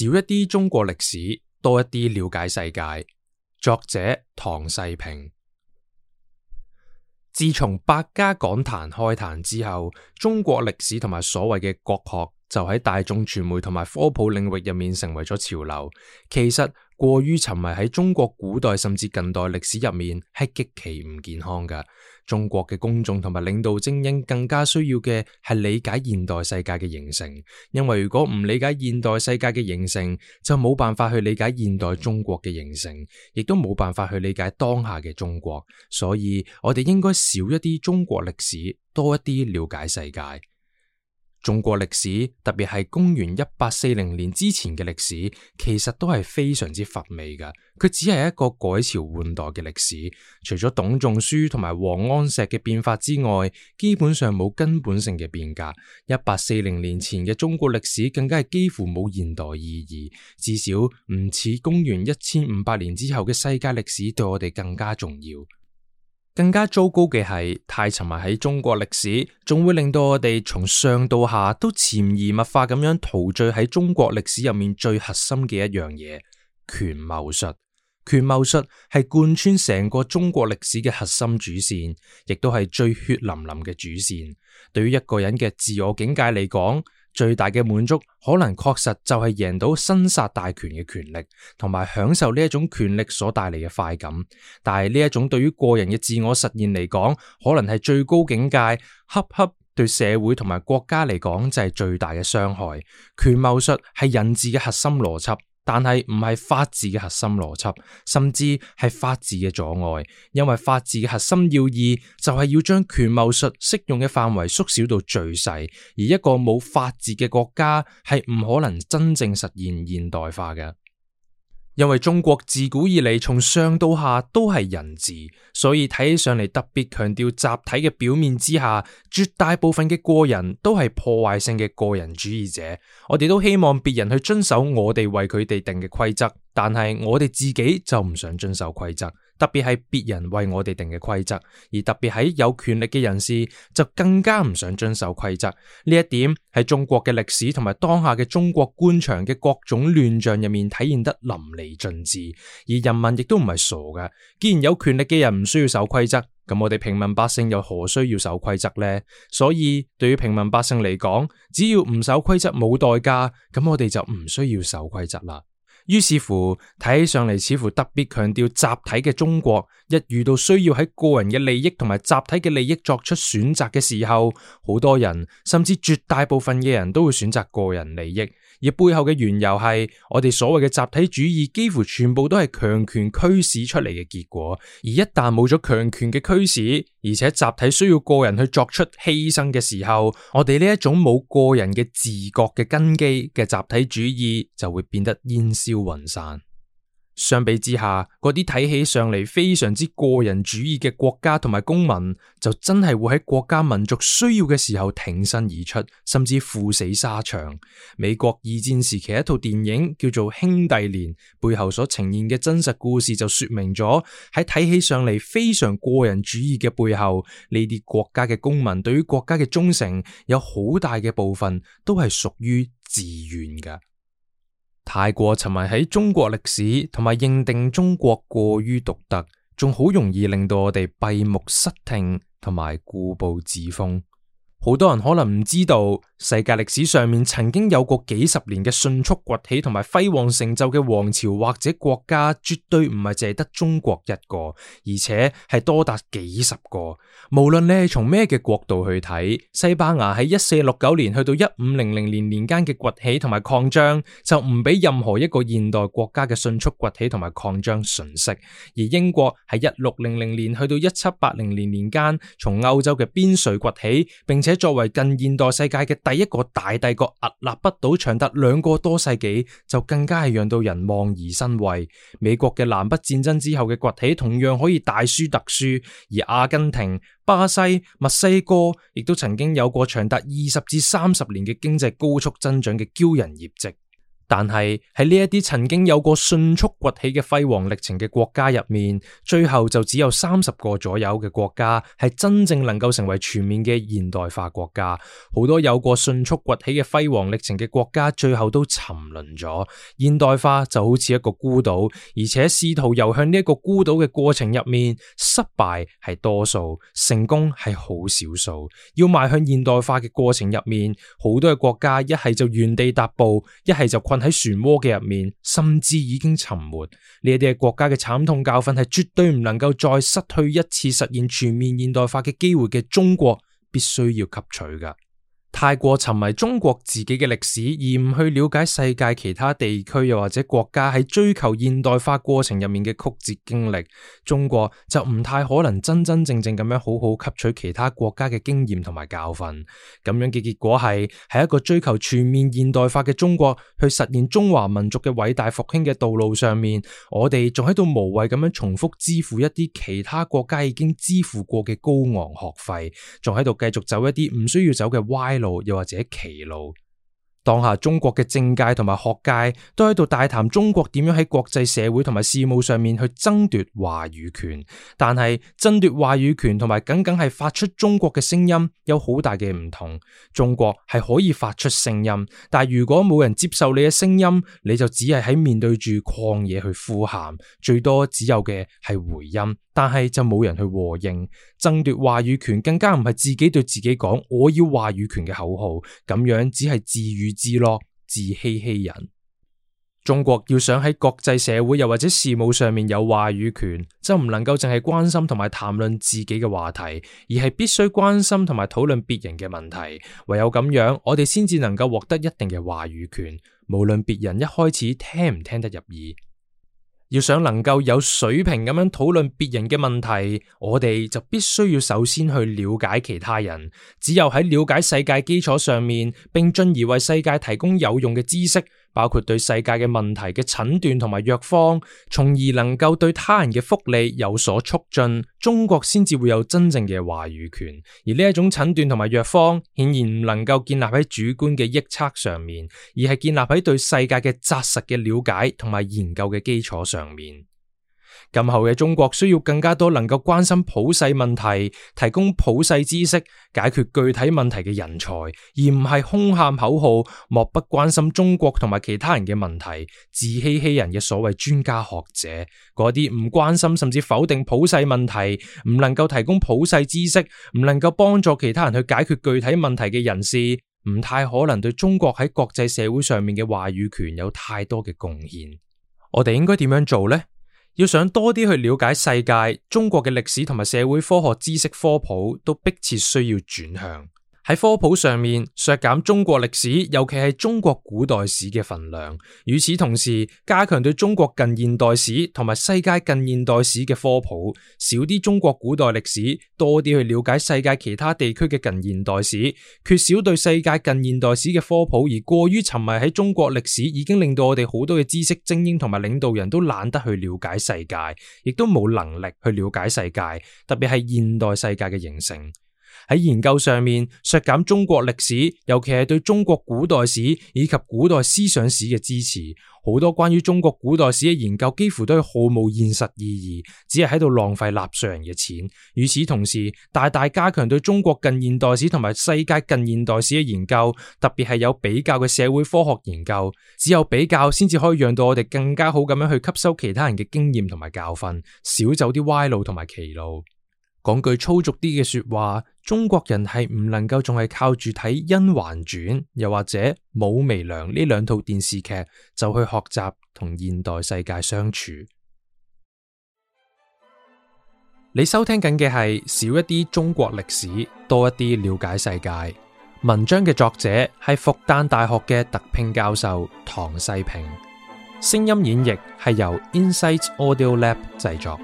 少一啲中國歷史，多一啲了解世界。作者唐世平。自從百家講壇開壇之後，中國歷史同埋所謂嘅國學就喺大眾傳媒同埋科普領域入面成為咗潮流。其實。過於沉迷喺中國古代，甚至近代歷史入面，係極其唔健康㗎。中國嘅公眾同埋領導精英更加需要嘅係理解現代世界嘅形成，因為如果唔理解現代世界嘅形成，就冇辦法去理解現代中國嘅形成，亦都冇辦法去理解當下嘅中國。所以我哋應該少一啲中國歷史，多一啲了解世界。中國歷史，特別係公元一八四零年之前嘅歷史，其實都係非常之乏味嘅。佢只係一個改朝換代嘅歷史，除咗董仲舒同埋王安石嘅變法之外，基本上冇根本性嘅變革。一八四零年前嘅中國歷史，更加係幾乎冇現代意義，至少唔似公元一千五百年之後嘅世界歷史對我哋更加重要。更加糟糕嘅係，太沉迷喺中國歷史，仲會令到我哋從上到下都潛移默化咁樣陶醉喺中國歷史入面最核心嘅一樣嘢——權謀術。權謀術係貫穿成個中國歷史嘅核心主線，亦都係最血淋淋嘅主線。對於一個人嘅自我境界嚟講，最大嘅滿足可能確實就係贏到生殺大權嘅權力，同埋享受呢一種權力所帶嚟嘅快感。但係呢一種對於個人嘅自我實現嚟講，可能係最高境界。恰恰對社會同埋國家嚟講就係最大嘅傷害。權謀術係人治嘅核心邏輯。但係唔係法治嘅核心邏輯，甚至係法治嘅阻礙，因為法治嘅核心要義就係要將權謀術適用嘅範圍縮小到最細，而一個冇法治嘅國家係唔可能真正實現現代化嘅。因為中國自古以來從上到下都係「人治」，所以睇起上嚟特別強調集體嘅表面之下，絕大部分嘅個人都係破壞性嘅個人主義者。我哋都希望別人去遵守我哋為佢哋定嘅規則，但係我哋自己就唔想遵守規則。特別係別人為我哋定嘅規則，而特別喺有權力嘅人士就更加唔想遵守規則。呢一點係中國嘅歷史同埋當下嘅中國官場嘅各種亂象入面體現得淋漓盡致。而人民亦都唔係傻噶，既然有權力嘅人唔需要守規則，咁我哋平民百姓又何需要守規則呢？所以對於平民百姓嚟講，只要唔守規則冇代價，咁我哋就唔需要守規則啦。於是乎，睇起上嚟似乎特別強調集體嘅中國，一遇到需要喺個人嘅利益同埋集體嘅利益作出選擇嘅時候，好多人甚至絕大部分嘅人都會選擇個人利益。而背後嘅緣由係，我哋所謂嘅集體主義幾乎全部都係強權驅使出嚟嘅結果。而一旦冇咗強權嘅驅使，而且集體需要個人去作出犧牲嘅時候，我哋呢一種冇個人嘅自覺嘅根基嘅集體主義就會變得煙消雲散。相比之下，嗰啲睇起上嚟非常之個人主義嘅國家同埋公民，就真係會喺國家民族需要嘅時候挺身而出，甚至赴死沙場。美國二戰時期一套電影叫做《兄弟連》，背後所呈現嘅真實故事就說明咗喺睇起上嚟非常個人主義嘅背後，呢啲國家嘅公民對於國家嘅忠誠，有好大嘅部分都係屬於自願噶。太過沉迷喺中國歷史，同埋認定中國過於獨特，仲好容易令到我哋閉目塞聽，同埋固步自封。好多人可能唔知道。世界歷史上面曾經有過幾十年嘅迅速崛起同埋輝煌成就嘅王朝或者國家，絕對唔係淨係得中國一個，而且係多達幾十個。無論你係從咩嘅角度去睇，西班牙喺一四六九年去到一五零零年年間嘅崛起同埋擴張，就唔俾任何一個現代國家嘅迅速崛起同埋擴張遜色。而英國喺一六零零年去到一七八零年年間，從歐洲嘅邊陲崛起，並且作為近現代世界嘅係一個大帝國屹立不倒，長達兩個多世紀，就更加係讓到人望而生畏。美國嘅南北戰爭之後嘅崛起，同樣可以大書特書。而阿根廷、巴西、墨西哥，亦都曾經有過長達二十至三十年嘅經濟高速增長嘅驕人業績。但係喺呢一啲曾經有過迅速崛起嘅輝煌歷程嘅國家入面，最後就只有三十個左右嘅國家係真正能夠成為全面嘅現代化國家。好多有過迅速崛起嘅輝煌歷程嘅國家，最後都沉淪咗。現代化就好似一個孤島，而且試圖游向呢一個孤島嘅過程入面，失敗係多數，成功係好少數。要邁向現代化嘅過程入面，好多嘅國家一係就原地踏步，一係就困喺漩渦嘅入面，甚至已經沉沒。呢一啲嘅國家嘅慘痛教訓，係絕對唔能夠再失去一次實現全面現代化嘅機會嘅中國，必須要吸取噶。太過沉迷中國自己嘅歷史，而唔去了解世界其他地區又或者國家喺追求現代化過程入面嘅曲折經歷，中國就唔太可能真真正正咁樣好好吸取其他國家嘅經驗同埋教訓。咁樣嘅結果係，喺一個追求全面現代化嘅中國去實現中華民族嘅偉大復興嘅道路上面，我哋仲喺度無謂咁樣重複支付一啲其他國家已經支付過嘅高昂學費，仲喺度繼續走一啲唔需要走嘅歪路，又或者歧路。當下中國嘅政界同埋學界都喺度大談中國點樣喺國際社會同埋事務上面去爭奪話語權，但係爭奪話語權同埋僅僅係發出中國嘅聲音有好大嘅唔同。中國係可以發出聲音，但如果冇人接受你嘅聲音，你就只係喺面對住曠野去呼喊，最多只有嘅係回音，但係就冇人去和應。爭奪話語權更加唔係自己對自己講我要話語權嘅口號，咁樣只係自語自樂，自欺欺人。中國要想喺國際社會又或者事務上面有話語權，就唔能夠淨係關心同埋談論自己嘅話題，而係必須關心同埋討論別人嘅問題。唯有咁樣，我哋先至能夠獲得一定嘅話語權，無論別人一開始聽唔聽得入耳。要想能夠有水平咁樣討論別人嘅問題，我哋就必須要首先去了解其他人。只有喺了解世界基礎上面，並進而為世界提供有用嘅知識。包括對世界嘅問題嘅診斷同埋藥方，從而能夠對他人嘅福利有所促進，中國先至會有真正嘅話語權。而呢一種診斷同埋藥方，顯然唔能夠建立喺主觀嘅臆測上面，而係建立喺對世界嘅紮實嘅了解同埋研究嘅基礎上面。今後嘅中國需要更加多能夠關心普世問題、提供普世知識、解決具體問題嘅人才，而唔係空喊口號、莫不關心中國同埋其他人嘅問題、自欺欺人嘅所謂專家學者。嗰啲唔關心甚至否定普世問題、唔能夠提供普世知識、唔能夠幫助其他人去解決具體問題嘅人士，唔太可能對中國喺國際社會上面嘅話語權有太多嘅貢獻。我哋應該點樣做呢？要想多啲去了解世界，中國嘅歷史同埋社會科學知識科普都迫切需要轉向。喺科普上面削減中國歷史，尤其係中國古代史嘅份量，與此同時加強對中國近現代史同埋世界近現代史嘅科普，少啲中國古代歷史，多啲去了解世界其他地區嘅近現代史。缺少對世界近現代史嘅科普，而過於沉迷喺中國歷史，已經令到我哋好多嘅知識精英同埋領導人都懶得去了解世界，亦都冇能力去了解世界，特別係現代世界嘅形成。喺研究上面削減中國歷史，尤其係對中國古代史以及古代思想史嘅支持，好多關於中國古代史嘅研究幾乎都係毫無現實意義，只係喺度浪費納稅人嘅錢。與此同時，大大加強對中國近現代史同埋世界近現代史嘅研究，特別係有比較嘅社會科學研究，只有比較先至可以讓到我哋更加好咁樣去吸收其他人嘅經驗同埋教訓，少走啲歪路同埋歧路。講句粗俗啲嘅說話，中國人係唔能夠仲係靠住睇《甄嬛傳》又或者《武媚娘》呢兩套電視劇就去學習同現代世界相處。 你收聽緊嘅係少一啲中國歷史，多一啲了解世界。文章嘅作者係復旦大學嘅特聘教授唐世平，聲音演繹係由 Insight Audio Lab 製作。